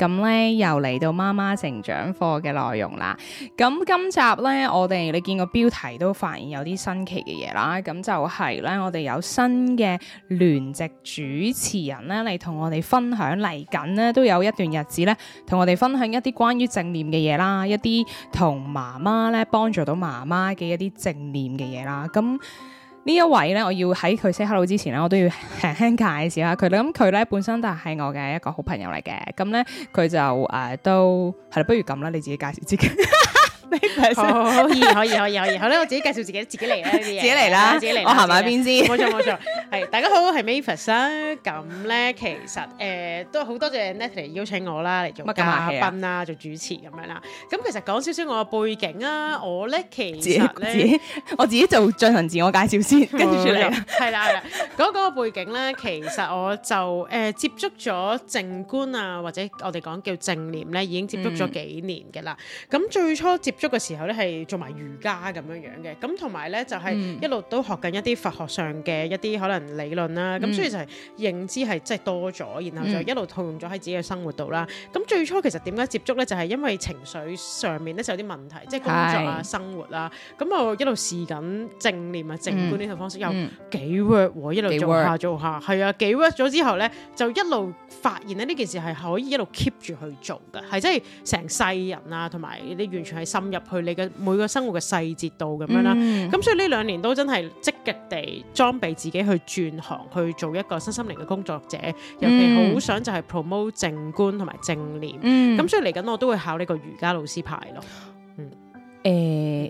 咁咧、嗯，又嚟到媽媽成長課嘅內容啦。咁、嗯、今集呢，我哋你見個標題都發現有啲新奇嘅嘢啦。咁、嗯、就係、是、呢，我哋有新嘅聯席主持人呢嚟同我哋分享嚟緊呢，都有一段日子呢，同我哋分享一啲關於正念嘅嘢啦，一啲同媽媽呢幫助到媽媽嘅一啲正念嘅嘢啦。咁、嗯呢一位咧，我要喺佢 say hello 之前咧，我都要輕輕 介紹下佢啦。咁佢咧，本身都係我嘅一個好朋友嚟嘅。咁咧佢就誒、呃、都係啦，不如咁啦，你自己介紹自己。 可以，可以，可以，可以，好啦，我自己介紹自己，自己嚟啦，自己嚟啦，自己嚟，我行埋邊先，冇錯冇錯，係大家好，係 Mavis 啊，咁咧其實誒都好多謝 Natalie 邀請我啦，嚟做嘉賓啦，做主持咁樣啦，咁其實講少少我嘅背景啊，我咧其實咧，我自己就進行自我介紹先，跟住嚟，係啦係啦，嗰個背景咧，其實我就誒接觸咗靜觀啊，或者我哋講叫正念咧，已經接觸咗幾年嘅啦，咁最初接足嘅時候咧，係做埋瑜伽咁樣樣嘅，咁同埋咧就係、是、一路都學緊一啲佛學上嘅一啲可能理論啦，咁、嗯、所以就係認知係即係多咗，然後就一路套用咗喺自己嘅生活度啦。咁最初其實點解接觸咧，就係、是、因為情緒上面咧就有啲問題，即係工作啊、是生活啦、啊，咁我一路試緊正念啊、正觀呢套方式，又、嗯、幾 work 喎、啊，一路做一下做下，係幾 work. 啊，幾 work 咗之後咧，就一路發現咧呢件事係可以一路 keep 住去做㗎，係即係成世人啊，同埋你完全係心，入去你嘅每個生活嘅細節度咁樣啦，咁所以呢兩年都真係積極地裝備自己去轉行去做一個新心靈嘅工作者，嗯、尤其好想就係 promote 正觀同埋正念。咁、嗯、所以嚟緊我都會考呢個瑜伽老師牌咯。誒、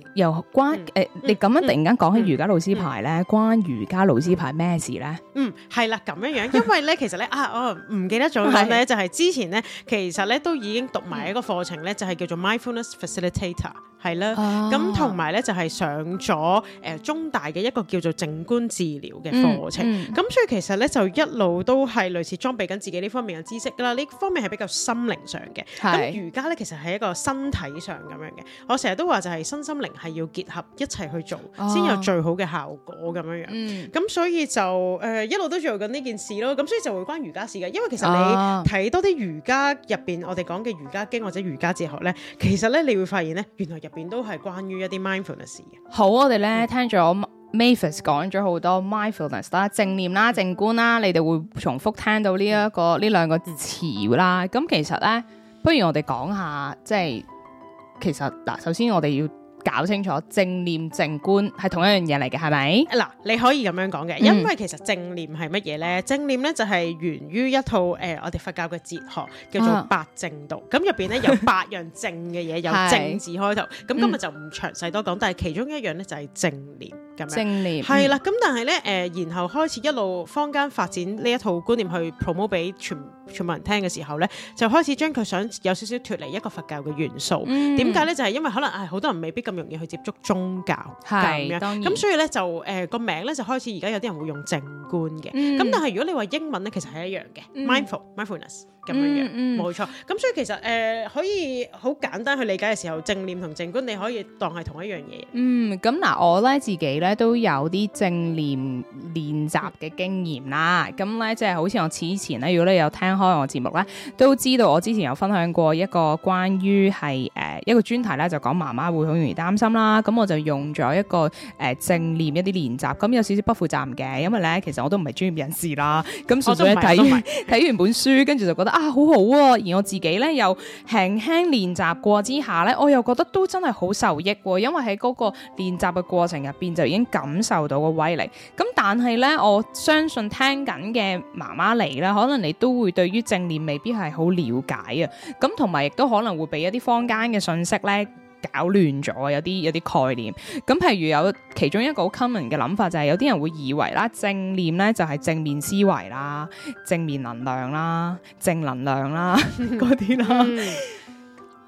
呃，又關誒，呃嗯、你咁樣突然間講起瑜伽老師牌咧，嗯、關瑜伽老師牌咩事咧？嗯，係啦，咁樣樣，因為咧，其實咧，啊，我、哦、唔記得咗咩咧， 是就係之前咧，其實咧都已經讀埋一個課程咧，就係、是、叫做 Mindfulness Facilitator。係啦，咁同埋咧就係上咗誒中大嘅一個叫做靜觀治療嘅課程，咁所以其實咧就一路都係類似裝備緊自己呢方面嘅知識啦，呢方面係比較心靈上嘅，咁瑜伽咧其實係一個身體上咁樣嘅。我成日都話就係身心靈係要結合一齊去做，先有最好嘅效果咁樣樣。咁所以就誒一路都做緊呢件事咯，咁所以就會關瑜伽事嘅，因為其實你睇多啲瑜伽入邊我哋講嘅瑜伽經或者瑜伽哲學咧，其實咧你會發現咧原來入。邊都係關於一啲 mindfulness 嘅。好，我哋咧聽咗 Mavis 講咗好多 mindfulness 啦、正念啦、靜觀啦，嗯、你哋會重複聽到呢一個呢兩個詞啦。咁、嗯、其實咧，不如我哋講下，即係其實嗱，首先我哋要。搞清楚正念正觀係同一樣嘢嚟嘅，係咪？嗱，你可以咁樣講嘅，因為其實正念係乜嘢呢？正念呢就係源於一套誒、呃，我哋佛教嘅哲學叫做八正道，咁入邊呢，有八樣正嘅嘢， 有正字開頭。咁今日就唔詳細多講，但係其中一樣呢，就係正念咁樣，正念、嗯，係啦。咁但係呢，誒，然後開始一路坊間發展呢一套觀念去 promote 俾全全部人聽嘅時候咧，就開始將佢想有少少脫離一個佛教嘅元素。點解咧？就係、是、因為可能唉，好多人未必咁容易去接觸宗教咁樣。咁所以咧就誒個、呃、名咧就開始而家有啲人會用靜觀嘅。咁、嗯、但係如果你話英文咧，其實係一樣嘅，mindful mindfulness。嗯 Mind ful, Mind 咁嗯嗯，冇、嗯、錯。咁所以其實誒、呃，可以好簡單去理解嘅時候，正念同正觀，你可以當係同一樣嘢。嗯，咁嗱，我咧自己咧都有啲正念練習嘅經驗啦。咁咧即係好似我此前咧，如果你有聽開我節目咧，都知道我之前有分享過一個關於係誒一個專題咧，就講媽媽會好容易擔心啦。咁我就用咗一個誒、呃、正念一啲練習，咁有少少不負責任嘅，因為咧其實我都唔係專業人士啦。咁純粹睇睇完本書，跟住就覺得、啊啊，好好喎、啊！而我自己咧又輕輕練習過之下咧，我又覺得都真係好受益喎、啊，因為喺嗰個練習嘅過程入邊就已經感受到個威力。咁、嗯、但係咧，我相信聽緊嘅媽媽嚟啦，可能你都會對於正念未必係好了解啊。咁同埋亦都可能會俾一啲坊間嘅信息咧。搞亂咗啊！有啲有啲概念咁，譬如有其中一個好 common 嘅諗法就係有啲人會以為啦，正念咧就係正面思維啦、正面能量啦、正能量啦嗰啲啦，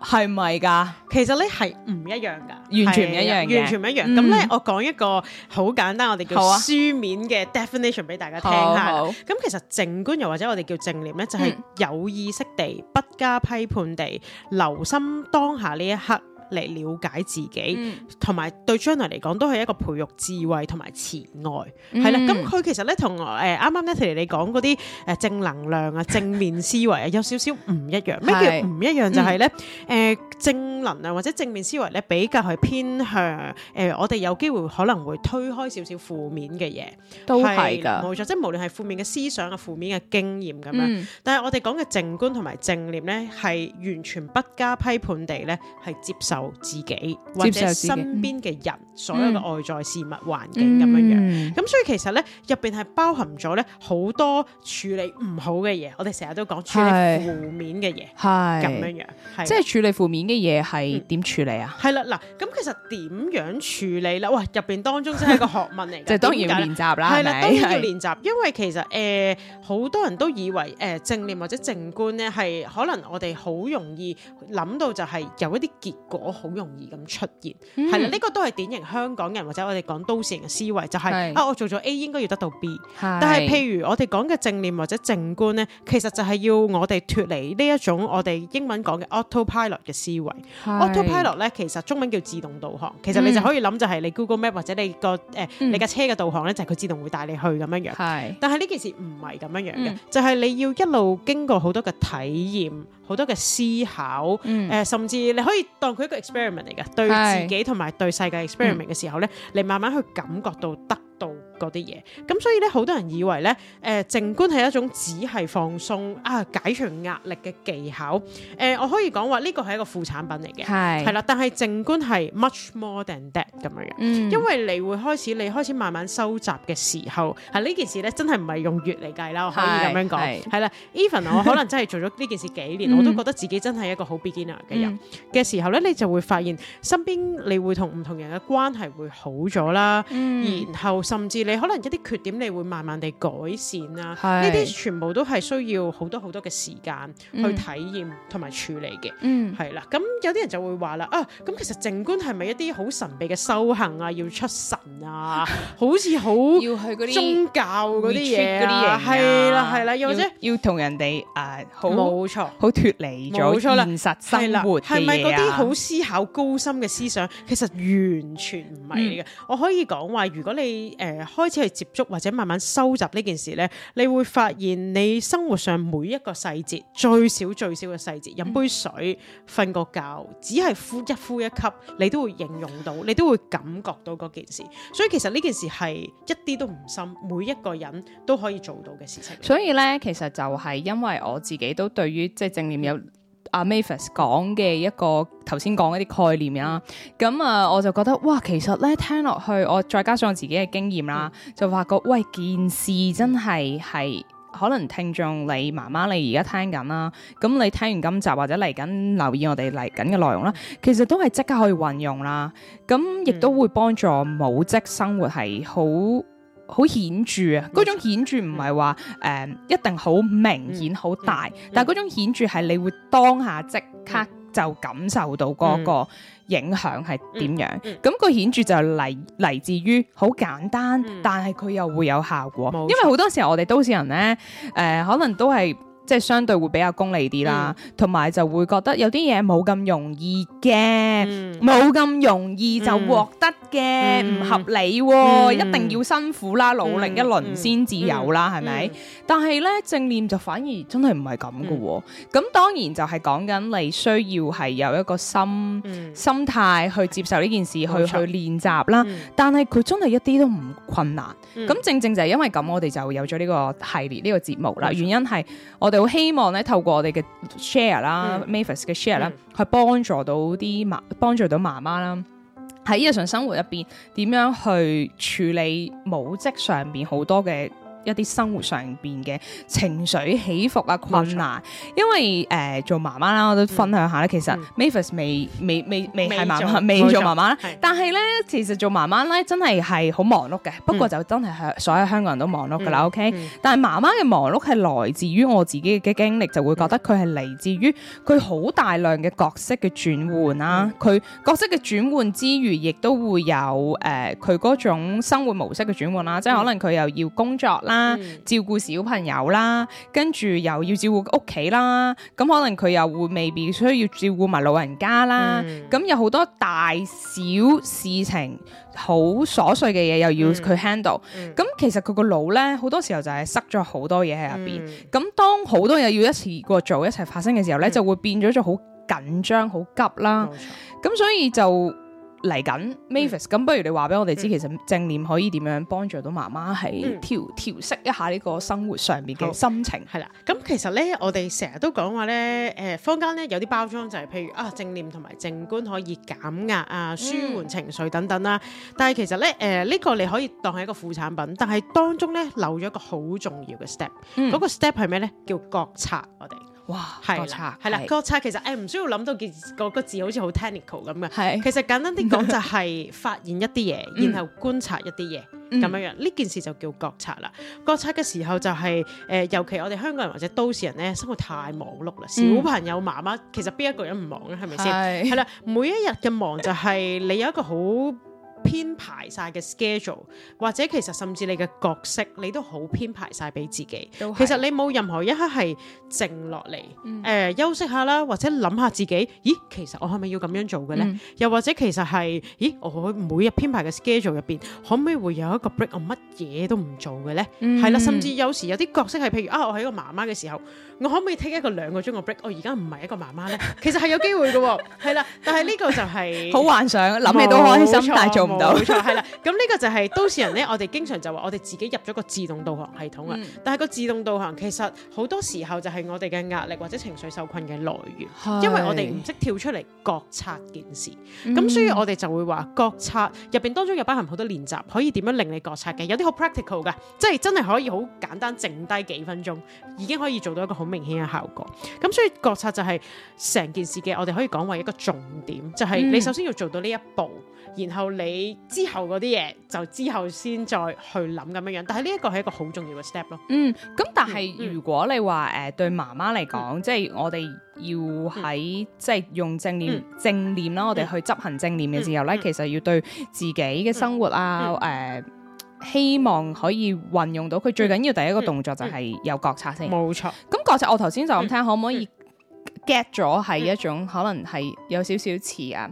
係咪係㗎？是是，其實咧係唔一樣㗎，是完全唔一,一樣，完全唔一樣。咁咧，我講一個好簡單，我哋叫書面嘅 definition 俾、啊、大家聽吓。咁好其實靜觀又或者我哋叫正念咧，就係、是、有意識地不加批判地留心當下呢一刻，嚟了解自己，同埋、嗯、對將來嚟講都係一個培育智慧同埋慈愛，係啦、嗯嗯。咁佢其實咧同誒啱啱咧，提你講嗰啲誒正能量啊、 正面思維啊，有少少唔一樣。咩叫唔一樣？就係咧，誒正能量或者正面思維咧，比較係偏向誒我哋有機會可能會推開少少負面嘅嘢，都係噶冇錯。即係無論係負面嘅思想啊、負面嘅經驗咁樣，嗯、但係我哋講嘅靜觀同埋正念咧，係完全不加批判地咧係接受。自己或者身邊嘅人，嗯、所有嘅外在事物、環境咁樣、嗯、樣，咁所以其實咧，入邊係包含咗咧好多處理唔好嘅嘢。我哋成日都講處理負面嘅嘢，係咁樣樣，是吧即係處理負面嘅嘢係點處理啊？係啦，嗱，咁其實點樣處理、嗯、啦？啦，哇入邊當中真係一個學問嚟，即係當然練習啦，係啦，當然要練習吧，因為其實誒好、呃、多人都以為誒、呃、正念或者靜觀咧，係可能我哋好容易諗到就係有一啲結果。好容易咁出現，係啦、嗯、呢、這個都係典型香港人或者我哋講都市人嘅思維，就係、是、是啊，我做咗 A 應該要得到 B，是但係譬如我哋講嘅正念或者正觀呢，其實就係要我哋脫離呢一種我哋英文講嘅 autopilot 嘅思維是，autopilot 咧，其實中文叫自動導航，嗯、其實你就可以諗就係你 Google Map 或者你個誒、呃、你架車嘅導航呢，就係佢自動會帶你去咁樣樣，是但係呢件事唔係咁樣樣嘅，嗯、就係你要一路經過好多嘅體驗。好多嘅思考，誒、嗯呃，甚至你可以當佢一個 experiment 嚟嘅，嗯、對自己同埋對世界 experiment 嘅時候咧，嗯、你慢慢去感覺到得到。嗰啲嘢，咁所以咧，好多人以為咧，誒、呃、靜觀係一種只係放鬆啊、解除壓力嘅技巧。誒、呃、我可以講話呢個係一個副產品嚟嘅，係是啦。但係靜觀係 much more than that 咁樣樣，嗯、因為你會開始，你開始慢慢收集嘅時候，係、啊、呢件事咧，真係唔係用月嚟計啦，我可以咁樣講係啦。Even 我可能真係做咗呢件事幾年， 我都覺得自己真係一個好 beginner 嘅人嘅、嗯、時候咧，你就會發現身邊你會同唔同人嘅關係會好咗啦，嗯、然後甚至。可能一啲缺點你會慢慢地改善啦，呢啲全部都係需要好多好多嘅時間去體驗同埋處理嘅，嗯，係啦。咁有啲人就會話啦，啊，咁其實靜觀係咪一啲好神秘嘅修行啊，要出神啊，好似好要去嗰啲宗教嗰啲嘢，嗰啲嘢係啦，係啦，又或者要同人哋誒好冇錯，好脫離咗冇錯啦，現實生活係咪嗰啲好思考高深嘅思想？其實完全唔係嘅。我可以講話，如果你誒。開始去接觸或者慢慢收集呢件事呢，你會發現你生活上每一個細節，最少最少嘅細節，飲杯水、瞓個覺，只係呼一呼一吸，你都會應用到，你都會感覺到嗰件事。所以其實呢件事係一啲都唔深，每一個人都可以做到嘅事情。所以呢，其實就係因為我自己都對於即係正念有。阿 Mavis 講嘅一個頭先講一啲概念啊，咁啊我就覺得哇，其實咧聽落去，我再加上我自己嘅經驗啦，嗯、就發覺喂，件事真係係可能聽眾你媽媽你而家聽緊啦，咁你聽完今集或者嚟緊留意我哋嚟緊嘅內容啦，其實都係即刻可以運用啦，咁亦都會幫助母職生活係好。好顯著啊！嗰種顯著唔係話誒一定好明顯好大，嗯嗯、但係嗰種顯著係你會當下即刻就感受到嗰個影響係點樣？咁、嗯嗯嗯、個顯著就嚟嚟自於好簡單，但係佢又會有效果。冇錯。因為好多時候我哋都市人呢，誒、呃，可能都係。即係相對會比較功利啲啦，同埋就會覺得有啲嘢冇咁容易嘅，冇咁容易就獲得嘅唔合理，一定要辛苦啦，努力一輪先至有啦，係咪？但係咧正念就反而真係唔係咁嘅，咁當然就係講緊你需要係有一個心心態去接受呢件事，去去練習啦。但係佢真係一啲都唔困難。咁正正就係因為咁，我哋就有咗呢個系列呢個節目啦。原因係我。我哋好希望咧，透過我哋嘅 share 啦，Mavis 嘅 share 啦，去幫助到啲媽，幫助到媽媽啦，喺日常生活入邊，點樣去處理母職上邊好多嘅。一啲生活上邊嘅情緒起伏啊、困難冇錯，因為誒、呃、做媽媽啦，我都分享下咧。嗯、其實 Mavis 未未未未係媽媽未做媽媽啦。媽媽冇錯，但係咧，其實做媽媽咧，真係係好忙碌嘅。嗯、不過就真係所有香港人都忙碌嘅啦、嗯。OK，嗯嗯、但係媽媽嘅忙碌係來自於我自己嘅經歷，就會覺得佢係嚟自於佢好大量嘅角色嘅轉換啦。佢、嗯嗯、角色嘅轉換之餘亦都會有誒佢、呃、種生活模式嘅轉換啦。即係可能佢又要工作啦。照顧小朋友啦，跟住又要照顧屋企啦，咁可能佢又會未必需要照顧埋老人家啦，咁、嗯、有好多大小事情，好瑣碎嘅嘢又要佢 handle，咁其實佢個腦咧好多時候就係塞咗好多嘢喺入邊，咁、嗯、當好多嘢要一次過做，一齊發生嘅時候咧，嗯、就會變咗一好緊張、好急啦，咁錯所以就。嚟緊 Mavis，咁不如你話俾我哋知，嗯、其實正念可以點樣幫助到媽媽係調、嗯、調適一下呢個生活上面嘅心情？係啦，咁其實咧，我哋成日都講話咧，誒，坊間咧有啲包裝就係譬如啊，正念同埋靜觀可以減壓啊、舒緩情緒等等啦。嗯、但係其實咧，誒、呃、呢、呢個你可以當係一個副產品，但係當中咧漏咗一個好重要嘅 step，嗰個 step 係咩咧？叫覺察我哋。哇，係策啦，係啦是，覺察其實誒唔、欸、需要諗到件、那、嗰、個那個字好似好 technical 咁嘅，是其實簡單啲講就係發現一啲嘢， 嗯、然後觀察一啲嘢咁樣樣，呢件事就叫覺策啦。覺察嘅時候就係、是、誒、呃，尤其我哋香港人或者都市人咧，生活太忙碌啦。嗯、小朋友媽媽其實邊一個人唔忙咧，係咪先？係是啦，每一日嘅忙就係你有一個好， 編排晒嘅 schedule，或者其實甚至你嘅角色，你都好編排晒俾自己。是其實你冇任何一刻係靜落嚟，誒、嗯呃、休息下啦，或者諗下自己，咦，其實我係咪要咁樣做嘅咧？嗯、又或者其實係，咦，我每日編排嘅 schedule 入邊，可唔可以會有一個 break，我乜嘢都唔做嘅咧？係啦、嗯，甚至有時有啲角色係，譬如啊，我喺一個媽媽嘅時候，我可唔可以 take 一個兩個鐘嘅 break？我而家唔係一個媽媽咧，嗯、其實係有機會嘅喎。係啦， 但係呢個就係、是、 好幻想，諗嘢都開心 ğı nt le，但係做。冇、哦、錯，係啦。 咁呢個就係都市人呢， 我哋經常就話我哋自己入咗個自動導航系統啊。嗯、但係個自動導航其實好多時候就係我哋嘅壓力或者情緒受困嘅來源，是因為我哋唔識跳出嚟覺察件事。咁、嗯、所以我哋就會話覺察入邊當中有包含好多練習，可以點樣令你覺察嘅？有啲好 practical 㗎，即係真係可以好簡單，剩低幾分鐘已經可以做到一個好明顯嘅效果。咁所以覺察就係成件事嘅，我哋可以講為一個重點，就係、是、你首先要做到呢一步，然後你。之後嗰啲嘢就之後先再去諗咁樣樣，但係呢一個係一個好重要嘅 step 咯。嗯，咁但係如果你話，誒，對媽媽嚟講，即係我哋要喺即係用正念正念啦，我哋去執行正念嘅時候咧，其實要對自己嘅生活啊，誒，希望可以運用到佢最緊要第一個動作就係有覺察性。冇錯。咁覺察我頭先就咁聽，可唔可以 get 咗係一種可能係有少少似啊？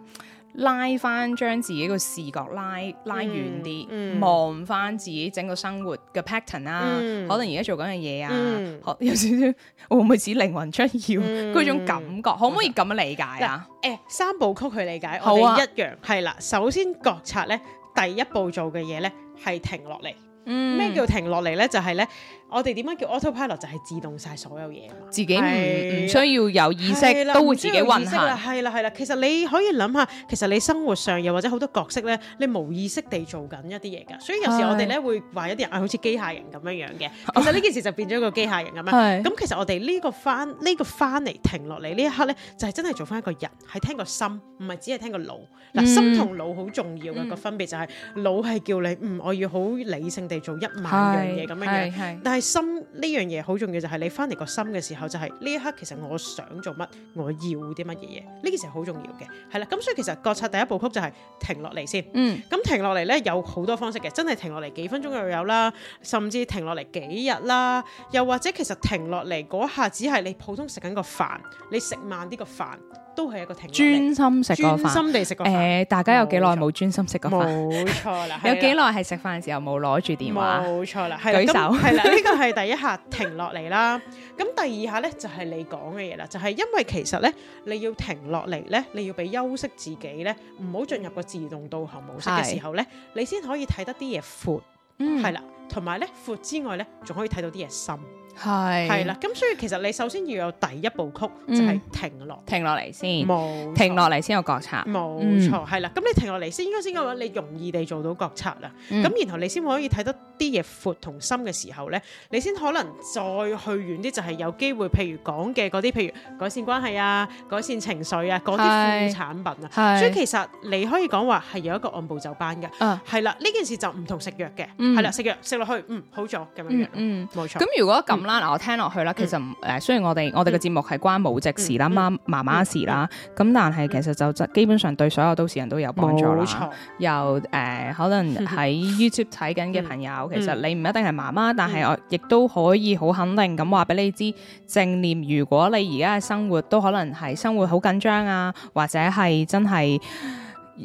拉翻將自己個視角拉拉遠啲，望翻、嗯嗯、自己整個生活嘅 pattern 啊，嗯、可能而家做緊嘅嘢啊，有少少會唔會似靈魂出竅嗰種感覺，可唔可以咁樣理解啊？誒、嗯，三部曲去理解，我哋一樣係啦。首先覺察咧，第一步做嘅嘢咧係停落嚟。咩叫停落嚟咧？就係咧。我哋點樣叫 autopilot，就係自動晒所有嘢嘛，自己唔唔需要有意識，都會自己運行。係啦，係啦，係啦，其實你可以諗下，其實你生活上又或者好多角色咧，你冇意識地做緊一啲嘢㗎，所以有時我哋咧會話一啲人啊，好似機械人咁樣樣嘅。其實呢件事就變咗個機械人咁樣。係。咁其實我哋呢個翻呢個翻嚟停落嚟呢一刻咧，就係真係做翻一個人，係聽個心，唔係只係聽個腦。嗱，心同腦好重要嘅個分別就係，腦係叫你嗯，我要好理性地做一萬樣嘢咁樣嘅，但係，心呢樣嘢好重要，就係你翻嚟個心嘅時候，就係呢一刻。其實我想做乜，我要啲乜嘢嘢，呢件嘢好重要嘅。係啦，咁所以其實覺察第一步曲就係停落嚟先。嗯，咁停落嚟呢，有好多方式嘅，真係停落嚟幾分鐘又有啦，甚至停落嚟幾日啦，又或者其實停落嚟嗰下只係你普通食緊個飯，你食慢啲個飯。都係一個停。專心食個飯，專心地食個飯。誒、呃，大家有幾耐冇專心食個飯？冇錯啦， 有幾耐係食飯嘅時候冇攞住電話？冇錯啦，舉手。係啦，呢、 呢個係第一下停落嚟啦。咁 第二下咧就係你講嘅嘢啦，就係、係就係、因為其實咧你要停落嚟咧，你要俾休息自己咧，唔好進入個自動導航模式嘅時候咧，的你先可以睇得啲嘢闊。嗯，係啦，同埋咧闊之外咧，仲可以睇到啲嘢深。係係啦，咁所以其實你首先要有第一部曲就係停落，停落嚟先，冇停落嚟先有覺察，冇錯，係啦。咁你停落嚟先，應該先嘅話，你容易地做到覺察啦。咁然後你先可以睇得啲嘢闊、同深嘅時候咧，你先可能再去遠啲，就係有機會，譬如講嘅嗰啲，譬如改善關係啊、改善情緒啊嗰啲副產品啊。所以其實你可以講話係有一個按部就班嘅。啊，係啦。呢件事就唔同食藥嘅，係啦，食藥食落去，嗯，好咗咁樣樣，嗯，冇錯。咁如果咁嗱、啊，我聽落去啦。其實誒、嗯呃，雖然我哋、嗯、我哋嘅節目係關母職事啦、媽媽媽事啦，咁、嗯嗯、但係其實就基本上對所有都市人都有幫助啦。冇錯、又誒、呃，可能喺 YouTube 睇緊嘅朋友， 其實你唔一定係媽媽，但係我亦都可以好肯定咁話俾你知，正念如果你而家嘅生活都可能係生活好緊張啊，或者係真係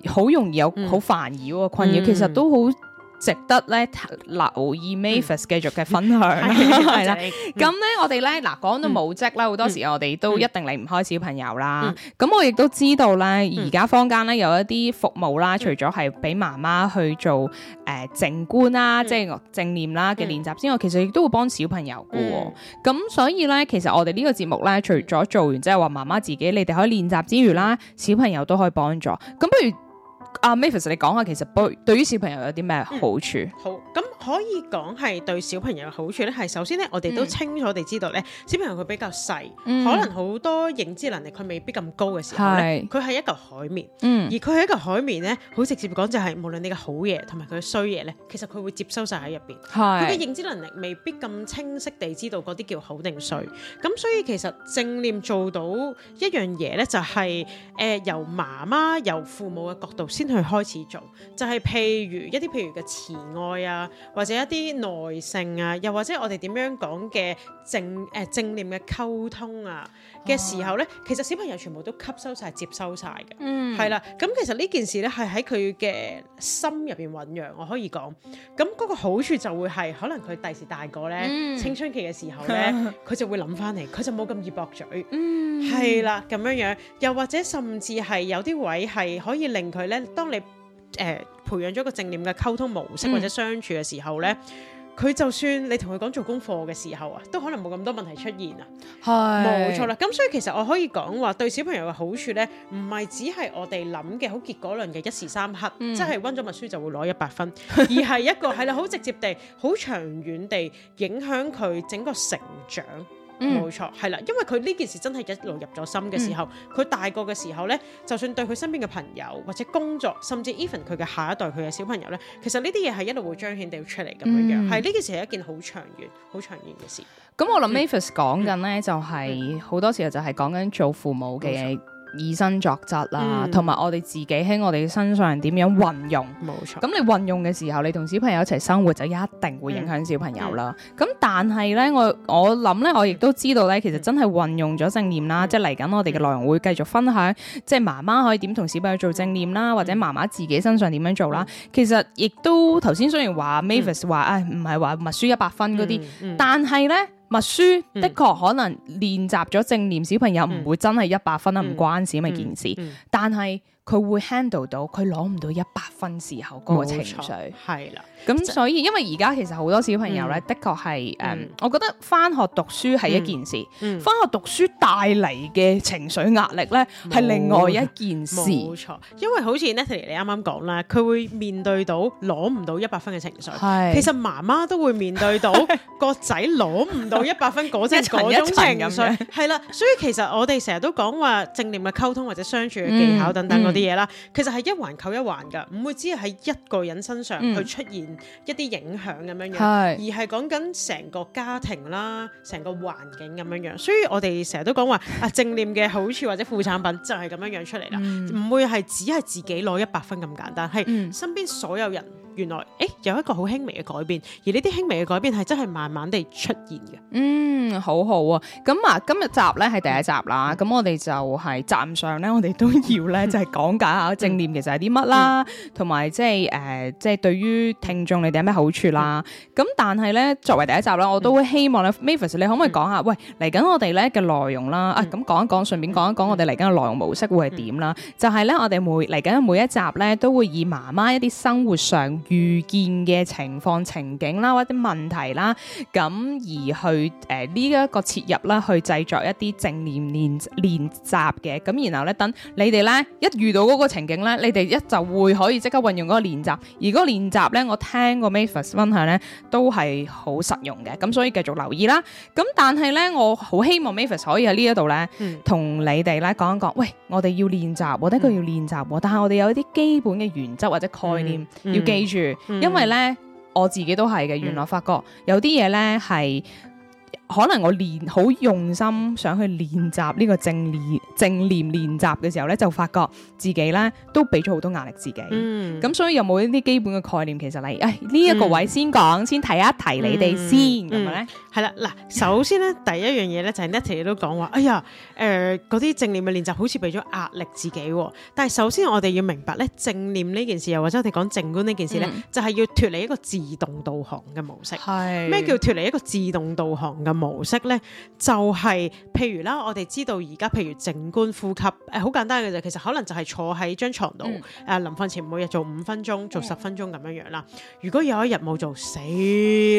好容易有好煩擾啊、困擾、嗯，嗯、其實都好。值得咧留意，Mavis 繼續嘅分享係啦。咁咧，我哋咧嗱講到母職啦，好多時我哋都一定離唔開小朋友啦。咁我亦都知道咧，而家坊間咧有一啲服務啦，除咗係俾媽媽去做誒靜、呃、觀啦、即係正念啦嘅練習之外，嗯、其實亦都會幫小朋友嘅。咁、嗯嗯、所以咧，其實我哋呢個節目咧，除咗做完即係話媽媽自己，你哋可以練習之餘啦，小朋友都可以幫助。咁不如？阿、uh, Mavis，你講下其實對於小朋友有啲咩好處？嗯、好咁。可以講係對小朋友嘅好處咧，係首先咧，我哋都清楚地知道咧，小朋友佢比較細，可能好多認知能力佢未必咁高嘅時候咧，佢係一個海綿，而佢係一個海綿咧，好直接講就係無論你嘅好嘢同埋佢嘅衰嘢咧，其實佢會接收晒喺入邊。係佢嘅認知能力未必咁清晰地知道嗰啲叫好定衰。咁所以其實正念做到一樣嘢咧，就係誒由媽媽由父母嘅角度先去開始做，就係譬如一啲譬如嘅慈愛啊。或者一啲耐性啊，又或者我哋點樣講嘅正誒、呃、正念嘅溝通啊嘅時候咧，啊、其實小朋友全部都吸收晒，接收晒嘅，係啦、嗯。咁、嗯、其實呢件事咧，係喺佢嘅心入邊醞釀，我可以講，咁、嗯、嗰個好處就會係可能佢第時大個咧，嗯、青春期嘅時候咧，佢 就會諗翻嚟，佢就冇咁易駁嘴，係啦咁樣樣，又或者甚至係有啲位係可以令佢咧，當你。誒，培養咗一個正念嘅溝通模式或者相處嘅時候呢，佢、嗯、就算你同佢講做功課嘅時候啊，都可能冇咁多問題出現啊，係冇錯啦。咁所以其實我可以講話對小朋友嘅好處呢，唔係只係我哋諗嘅好結果論嘅一時三刻，嗯、即係溫咗默書就會攞一百分，嗯、而係一個係啦，好直接地、好長遠地影響佢整個成長。冇、嗯、錯，係啦，因為佢呢件事真係一路入咗心嘅時候，佢、嗯、大個嘅時候咧，就算對佢身邊嘅朋友或者工作，甚至 even 佢嘅下一代，佢嘅小朋友咧，其實呢啲嘢係一路會彰顯到出嚟咁樣樣，係呢、嗯、件事係一件好長遠、好長遠嘅事。咁、嗯嗯、我諗 Mavis 講緊咧、就是，就係好多時候就係講緊做父母嘅。嗯嗯嗯嗯以身作則啦、啊，同埋我哋自己喺我哋身上點樣運用，冇錯，咁你運用嘅時候，你同小朋友一齊生活就一定會影響小朋友啦。咁、嗯嗯、但係咧，我我諗咧，我亦都知道咧，其實真係運用咗正念啦，嗯、即係嚟緊我哋嘅內容會繼續分享，嗯、即係媽媽可以點同小朋友做正念啦，嗯、或者媽媽自己身上點樣做啦。嗯、其實亦都頭先雖然話 Mavis 話誒唔係話默書一百分嗰啲、嗯，但係咧。默書的確可能練習咗正念，小朋友唔會真係一百分啦，唔、嗯、關事咁嘅件事，嗯嗯、但係，佢會 handle 到，佢攞唔到一百分時候嗰個情緒，係啦。咁所以，因為而家其實好多小朋友咧，的確係，嗯，我覺得翻學讀書係一件事，翻學讀書帶嚟嘅情緒壓力咧係另外一件事。冇錯，因為好似 Natalie 你啱啱講啦，佢會面對到攞唔到一百分嘅情緒。係。其實媽媽都會面對到個仔攞唔到一百分嗰種情緒，係啦。所以其實我哋成日都講話正念嘅溝通或者相處嘅技巧等等。啲嘢啦，其實係一環扣一環噶，唔會只係喺一個人身上去出現一啲影響咁樣樣，嗯、而係講緊成個家庭啦，成個環境咁樣樣。所以我哋成日都講話啊，正念嘅好處或者副產品就係咁樣樣出嚟啦，唔、嗯、會係只係自己攞一百分咁簡單，係身邊所有人。嗯原來誒有一個好輕微嘅改變，而呢啲輕微嘅改變係真係慢慢地出現嘅。嗯，好好喎。咁啊，今日集咧係第一集啦。咁、嗯、我哋就係、是、暫時咧，我哋都要咧、嗯、就係講解下正念其實係啲乜啦，同埋即係誒，即係、就是呃就是、對於聽眾你哋有咩好處啦。咁、嗯、但係咧，作為第一集咧，我都會希望咧、嗯、Mavis 你可唔可以講下？嗯、喂，嚟緊我哋咧嘅內容啦。啊，咁講一講，順便講一講我哋嚟緊嘅內容模式會係點啦。就係咧，我哋每嚟緊每一集咧，都會以媽媽一啲生活上。遇見嘅情況情景啦，或者問題啦，咁而去誒呢一個切入啦，去製作一啲正念練練習嘅，咁然後咧等你哋咧一遇到個情景咧，你哋一就會可以即刻運用個練習，而個練習咧，我聽過 Mavis 分享咧都係好實用嘅，咁所以繼續留意啦。咁但係咧，我好希望 Mavis 可以喺呢、嗯、呢一度咧，同你哋咧講一講，喂，我哋要練習，我哋應該要練習，嗯、但係我哋有一啲基本嘅原則或者概念、嗯嗯、要記住。因為咧，我自己都係嘅。原來發覺有啲嘢咧係。可能我練好用心，想去練習呢個正念，正念練習嘅時候咧，就發覺自己咧都俾咗好多壓力自己。嗯，咁所以有冇呢啲基本嘅概念？其實例誒呢一個位先講，嗯、先提一提你哋先，咁咧係啦。嗱，首先咧第一樣嘢咧就係 Natalie 你都講話，哎呀，誒嗰啲正念嘅練習好似俾咗壓力自己。但係首先我哋要明白咧，正念呢件事，又或者我哋講靜觀呢件事咧，嗯、就係要脫離一個自動導航嘅模式。係咩是 叫脫離一個自動導航咁？模式咧就係、是、譬如啦，我哋知道而家譬如靜觀呼吸，誒、呃、好簡單嘅啫。其實可能就係坐喺張床度誒，臨瞓、嗯呃、前每日做五分鐘，做十分鐘咁樣樣啦。如果有一日冇做，死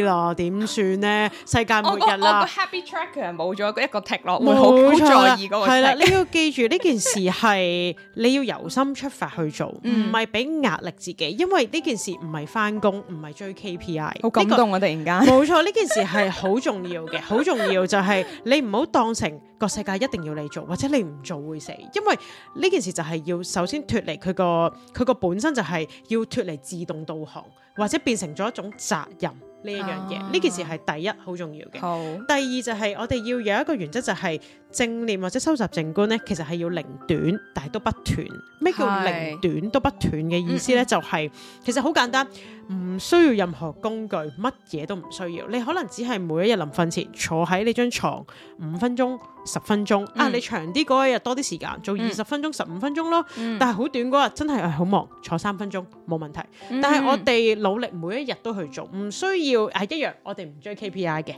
咯點算呢？世界末日啦！我個 Happy Tracker 冇咗一個踢落，會好錯在意嗰個係啦。你要記住呢 件事係你要由心出發去做，唔係俾壓力自己，因為呢件事唔係返工，唔係追 KPI。好感動我、啊這個、突然間，冇錯呢件事係好重要嘅。 好重要就係你唔好當成。個世界一定要你做，或者你唔做會死，因為呢件事就係要首先脫離佢個佢個本身就係要脫離自動導航，或者變成咗一種責任呢一樣嘢。呢件事係、啊、第一好重要嘅。好第二就係我哋要有一個原則，就係，就係正念或者收集正觀呢，其實係要零短，但係都不斷。咩叫零短都不斷嘅意思呢？是 就係，是，其實好簡單，唔需要任何工具，乜嘢都唔需要。你可能只係每一日臨瞓前坐喺呢張床五分鐘。十分鐘、嗯、啊！你長啲嗰一日多啲時間，做二十分鐘、十五分鐘咯。嗯、但係好短嗰日真係好忙，坐三分鐘。冇問題，但係我哋努力每一日都去做，唔需要係、啊、一樣。我哋唔追 KPI 嘅，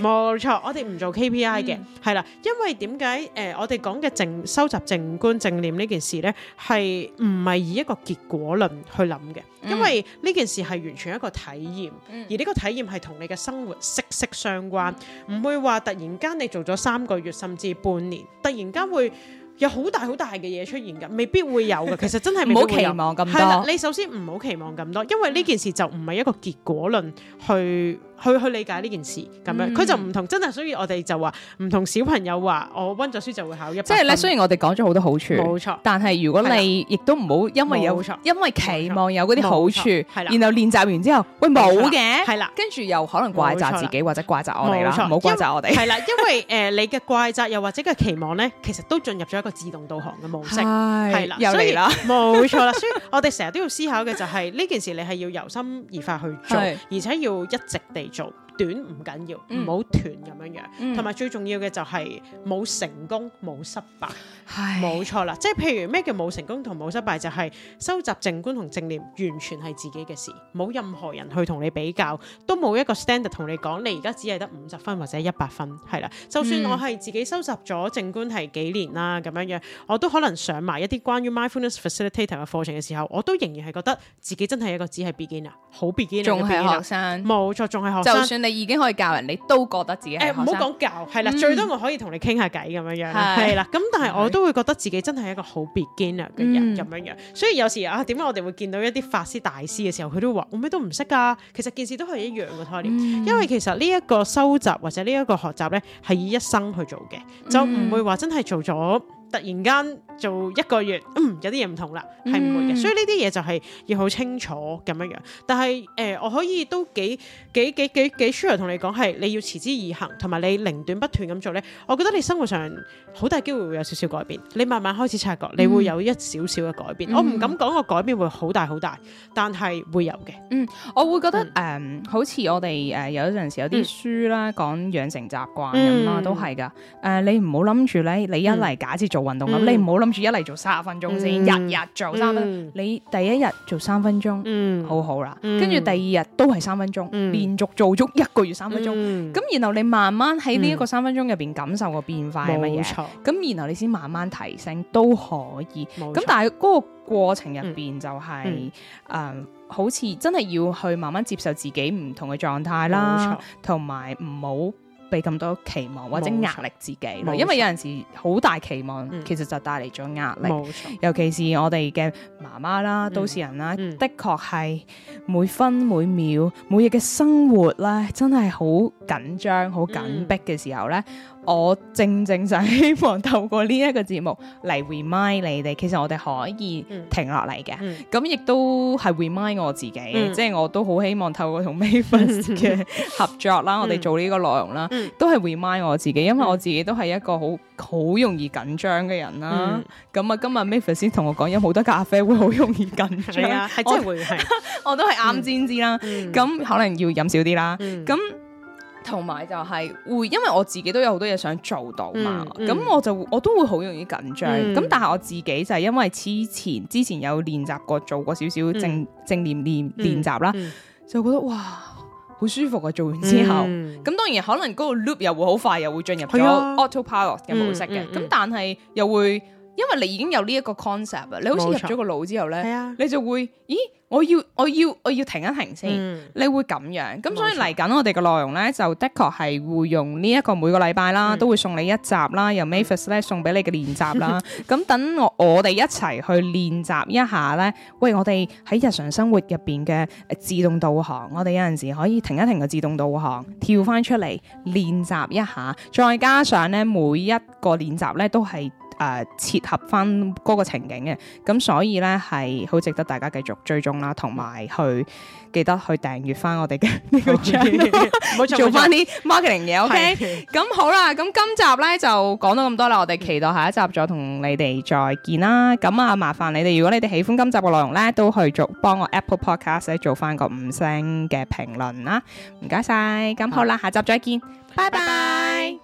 冇錯， 我哋唔做 KPI 嘅，係啦、嗯。因為點解？誒、呃，我哋講嘅正收集正觀正念呢件事呢，係唔係以一個結果論去諗嘅？因為呢件事係完全一個體驗，而呢個體驗係同你嘅生活息息相關，唔、嗯、會話突然間你做咗三個月，甚至半年，突然間會。有好大好大嘅嘢出現㗎，未必會有㗎。其實真係唔好期望咁多。係啦，你首先唔好期望咁多，因為呢件事就唔係一個結果論去。去去理解呢件事咁樣，佢就唔同，真係，所以我哋就話唔同小朋友話，我溫咗書就會考一。即係咧，雖然我哋講咗好多好處，冇錯。但係如果你亦都唔好因為有，因為期望有嗰啲好處，係啦。然後練習完之後，喂冇嘅，係啦。跟住又可能怪責自己或者怪責我哋啦，唔好怪責我哋。係啦，因為誒，你嘅怪責又或者嘅期望咧，其實都進入咗一個自動導航嘅模式，係啦，又嚟啦，冇錯啦。所以我哋成日都要思考嘅就係呢件事，你係要由心而發去做，而且要一直地。做短唔緊要，唔好斷咁樣樣，同埋、嗯、最重要嘅就係冇成功，冇失敗。 冇唉錯啦，即係譬如咩叫冇成功同冇失敗，就係、是、收集正觀同正念完全係自己嘅事，冇任何人去同你比較，都冇一個 standard 同你講，你而家只係得五十分或者一百分，係啦。就算我係自己收集咗正觀係幾年啦咁樣樣，我都可能上埋一啲關於 mindfulness facilitator 嘅課程嘅時候，我都仍然係覺得自己真係一個只係 beginner，好 beginner 嘅 beginner 學生。冇錯，仲係學生。就算你已經可以教人，你都覺得自己誒唔好講教，係啦。嗯、最多我可以同你傾下偈咁樣樣，係啦的。咁的但係我都。都會覺得自己真係一個好 beginner 嘅人咁、嗯、樣樣，所以有時啊，點解我哋會見到一啲法師大師嘅時候，佢都話我咩都唔識噶、啊，其實件事都係一樣嘅 t、嗯、因為其實呢一個修習或者呢一個學習咧，係以一生去做嘅，就唔會話真係做咗。突然間做一個月，嗯，有啲嘢唔同啦，係唔會嘅。所以呢啲嘢就係要好清楚咁樣樣。但係誒，我可以都幾幾幾幾幾 sure 同你講，係你要持之以恒，同埋你零斷不斷咁做咧。我覺得你生活上好大機會會有少少改變。你慢慢開始察覺，你會有一少少嘅改變。我唔敢講個改變會好大好大，但係會有嘅。嗯，我會覺得誒，好似我哋誒有嗰陣時有啲書啦，講養成習慣咁啊，都係噶。誒，你唔好諗住咧，你一嚟假設做。做運動咁，你唔好諗住一嚟做三十分鐘先，日日做三分。你第一日做三分鐘，好好啦。跟住第二日都係三分鐘，連續做足一個月三分鐘。咁然後你慢慢喺呢一個三分鐘入邊感受個變化係乜嘢。咁然後你先慢慢提升都可以。咁但係嗰個過程入邊就係誒，好似真係要去慢慢接受自己唔同嘅狀態啦，同埋唔好。俾咁多期望或者壓力自己咯。冇錯，因為有陣時好大期望，嗯、其實就帶嚟咗壓力。冇錯，尤其是我哋嘅媽媽啦，嗯、都市人啦，嗯、的確係每分每秒，每日嘅生活咧，真係好緊張，好緊迫嘅時候咧。嗯我正正就希望透過呢一個節目嚟 remind 你哋，其實我哋可以停落嚟嘅。咁亦都係 remind 我自己，即係我都好希望透過同 Mavis 嘅合作啦，我哋做呢個內容啦，都係 remind 我自己，因為我自己都係一個好好容易緊張嘅人啦。咁啊，今日 Mavis 先同我講，有好多咖啡會好容易緊張，係啊，係真係會，我都係啱先知啦。咁可能要飲少啲啦。咁。同埋就係會，因為我自己都有好多嘢想做到嘛，咁、嗯嗯、我就我都會好容易緊張。咁、嗯、但係我自己就係因為之前之前有練習過做過少少正正念練練習啦，嗯嗯、就覺得哇好舒服啊！做完之後，咁、嗯、當然可能嗰個 loop 又會好快又會進入咗 auto pilot 嘅模式嘅，咁、嗯嗯嗯嗯、但係又會。因為你已經有呢一個 concept，你好似入咗個腦之後咧，冇錯、你就會咦？我要，我要，我要停一停先。嗯、你會咁樣咁，所以嚟緊我哋嘅內容咧，就的確係會用呢一個每個禮拜啦，嗯、都會送你一集啦，由 Mavis 咧送俾你嘅練習啦。咁 等我我哋一齊去練習一下咧。喂，我哋喺日常生活入邊嘅自動導航，我哋有陣時可以停一停個自動導航，跳翻出嚟練習一下，再加上咧每一個練習咧都係。誒、呃，切合翻嗰個情景嘅。咁所以咧係好值得大家繼續追蹤啦，同埋去記得去訂閱翻我哋嘅呢個 channel 做翻啲 marketing 嘢，OK？咁好啦，咁今集咧就講到咁多啦，我哋期待下一集再同你哋再見啦。咁啊，麻煩你哋，如果你哋喜歡今集嘅內容咧，都去做幫我 Apple Podcast 咧做翻個五星嘅評論啦。唔該晒，咁好啦，好，下集再見，拜拜。